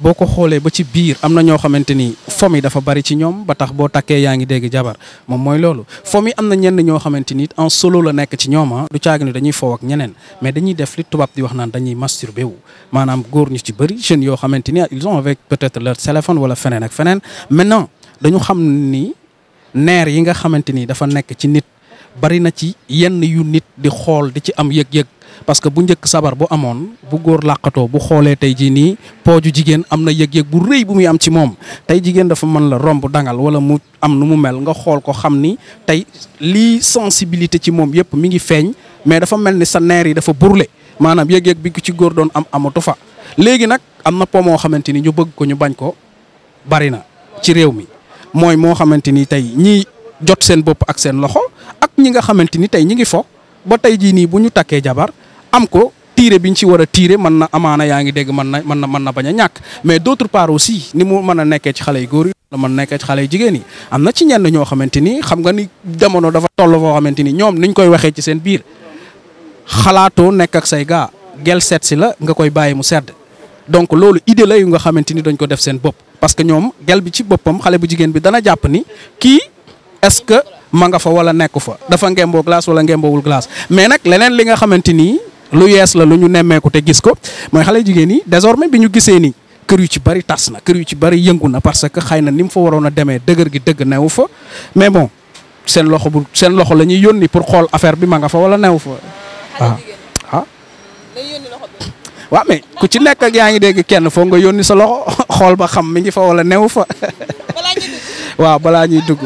boo ko xoolee ba ci biir am na ñoo xamante ni fomm dafa bari ci ñoom ba tax boo takkee yaa ngi dégg jabar moom mooy loolu fomm am na ñenn ñoo xamante ni en solo la nekk ci ñoom ah du caagi ni dañuy foow ak ñeneen mais dañuy def li tubaab di wax naan dañuy masturbé wu maanaam góor ñu ci bëri jeunes yoo xamante ni ah, ils ont avec peut-être leur téléphone wala feneen ak feneen maintenant dañu xam ni neer yi nga xamante ni dafa nekk ci nit bari na ci yenn yu nit di xool di ci am yëg-yëg parce que bu njëkk sabar bu amoon bu góor làqatoo bu xoolee tey jii nii pooju jigéen am na yëg-yëg bu rëy bu muy am ci moom tey jigéen dafa mën la romb dangal wala mu am nu mu mel nga xool ko xam ni tey lii sensibilité ci moom yëpp mi ngi feeñ mais dafa mel ni sa neer yi dafa burle maanaam yëg-yëg bi ci góor doon am amatu fa léegi nag am na po moo xamante ni ñu bëgg ko ñu bañ ko bari na ci réew mi mooy moo xamante ni tey ñi jot seen bopp ak seen loxo ak ñi nga xamante ni tey ñi ngi fo ba tey jii nii bu ñu takkee jabar am ko tiré biñ ci wara tiré man na amana yaangi dégg man na man na man na baña ñak mais d'autre part aussi ni mu mëna nekk ci xalé goor la man nekk ci xalé jigéen yi amna ci ñenn ño xamanteni xam nga ni demono dafa tollu bo xamanteni ñom niñ koy waxé ci seen biir xalaato nekk ak say ga gel set ci la nga koy bayyi mu sedd donc lolu idée la yu nga xamanteni dañ ko def seen bop parce que ñom gel bi ci bopam xalé bu jigéen bi dana japp ni ki est ce que ma nga fa wala nekk fa dafa ngembo glace wala wul glace mais nak leneen li nga xamanteni lu yees la lu ñu nemmeeku te gis ko mooy xale jigéen yi désormais bi ñu gisee ni kër yu ci bari tas na kër yu ci bari yëngu na parce que xëy na ni mu fa waroon a demee dëgër gi dëgg newu fa mais bon seen loxo bu seen loxo la ñuy yónni pour xool affaire bi ma nga fa wala newu fa ah. Ah. waaw ah ku ci nekk yaa ngi dégg kenn foo nga yónni sa loxo xool ba xam mi ngi fa wala newu fa waaw balaa ñuy dugg